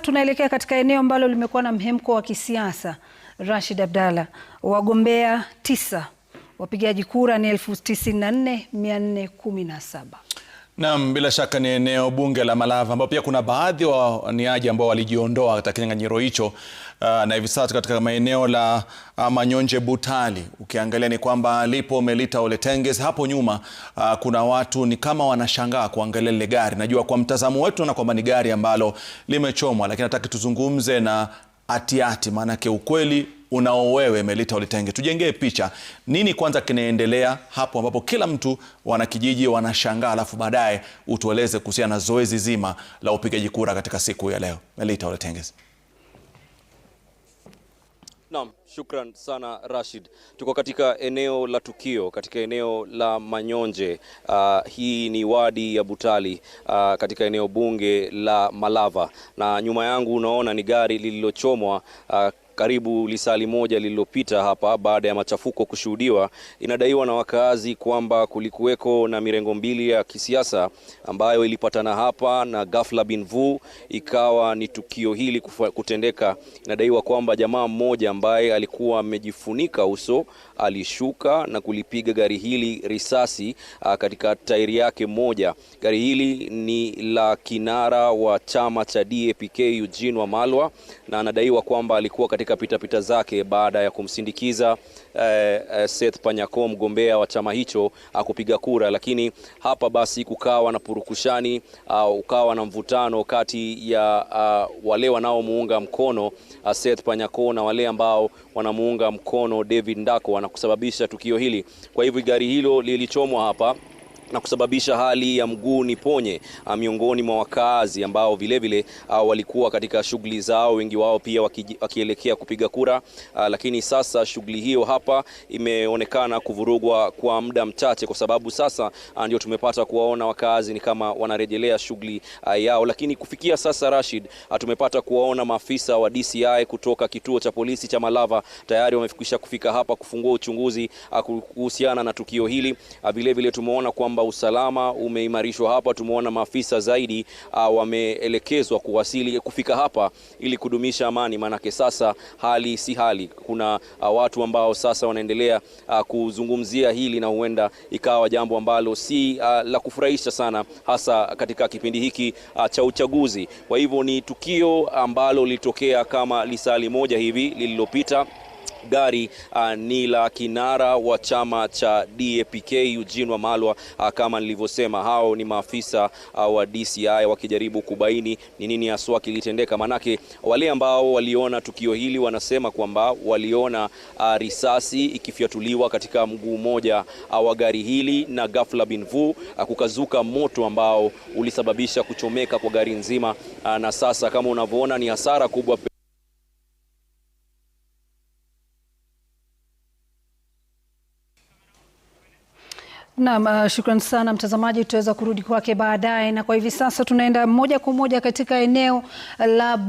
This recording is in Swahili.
tunaelekea katika eneo ambalo limekuwa na mhemko wa kisiasa. Rashid Abdalla, wagombea tisa, wapigaji kura ni 94417. Naam, bila shaka ni eneo bunge la Malava ambapo pia kuna baadhi wa waniaji ambao walijiondoa katika kinyang'anyiro hicho Ah, na hivi sasa katika maeneo la ah, Manyonje Butali, ukiangalia ni kwamba lipo Melita Ole Tenges. Hapo nyuma uh, kuna watu ni kama wanashangaa kuangalia lile gari. Najua kwa mtazamo wetu na kwamba ni gari ambalo limechomwa, lakini nataka tuzungumze na atiati, maanake ukweli unao wewe Melita Ole Tenges, tujengee picha. Nini kwanza kinaendelea hapo ambapo kila mtu wanakijiji wanashangaa, alafu baadaye utueleze kuhusiana na zoezi zima la upigaji kura katika siku ya leo. Melita Ole Tenges. Naam, shukran sana Rashid. Tuko katika eneo la tukio, katika eneo la Manyonje. Uh, hii ni wadi ya Butali uh, katika eneo bunge la Malava, na nyuma yangu unaona ni gari lililochomwa uh, karibu lisali moja lililopita hapa baada ya machafuko kushuhudiwa. Inadaiwa na wakaazi kwamba kulikuweko na mirengo mbili ya kisiasa ambayo ilipatana hapa na ghafla bin vu ikawa ni tukio hili kutendeka. Inadaiwa kwamba jamaa mmoja ambaye alikuwa amejifunika uso alishuka na kulipiga gari hili risasi a, ah, katika tairi yake moja. Gari hili ni la kinara wa chama cha DAPK Eugene Wamalwa na anadaiwa kwamba alikuwa katika katika pitapita zake baada ya kumsindikiza eh, eh, Seth Panyako mgombea wa chama hicho akupiga kura, lakini hapa basi kukawa na purukushani uh, ukawa na mvutano kati ya uh, wale wanaomuunga mkono uh, Seth Panyako na wale ambao wanamuunga mkono David Ndako na kusababisha tukio hili. Kwa hivyo gari hilo lilichomwa hapa na kusababisha hali ya mguu niponye ah, miongoni mwa wakaazi ambao vilevile vile, ah, walikuwa katika shughuli zao, wengi wao pia wakielekea kupiga kura, ah, lakini sasa shughuli hiyo hapa imeonekana kuvurugwa kwa muda mchache, kwa sababu sasa ndio tumepata kuwaona wakaazi ni kama wanarejelea shughuli yao. Lakini kufikia sasa, Rashid, tumepata kuwaona maafisa wa DCI kutoka kituo cha polisi cha Malava tayari wamefikisha kufika hapa kufungua uchunguzi kuhusiana na tukio hili. Vilevile tumeona kwamba kwamba usalama umeimarishwa hapa. Tumeona maafisa zaidi uh, wameelekezwa kuwasili kufika hapa ili kudumisha amani, maanake sasa hali si hali. Kuna uh, watu ambao sasa wanaendelea uh, kuzungumzia hili na huenda ikawa jambo ambalo si uh, la kufurahisha sana, hasa katika kipindi hiki uh, cha uchaguzi. Kwa hivyo ni tukio ambalo lilitokea kama lisali moja hivi lililopita gari uh, ni la kinara wa chama cha DAPK Eugene Wamalwa. Uh, kama nilivyosema, hao ni maafisa uh, wa DCI wakijaribu kubaini ni nini haswa kilitendeka, manake wale ambao waliona tukio hili wanasema kwamba waliona uh, risasi ikifyatuliwa katika mguu mmoja uh, wa gari hili, na ghafla binvu uh, kukazuka moto ambao ulisababisha kuchomeka kwa gari nzima uh, na sasa kama unavyoona ni hasara kubwa. Naam, uh, sana mtazamaji, tutaweza kurudi kwake baadaye, na kwa hivi sasa tunaenda moja kwa moja katika eneo la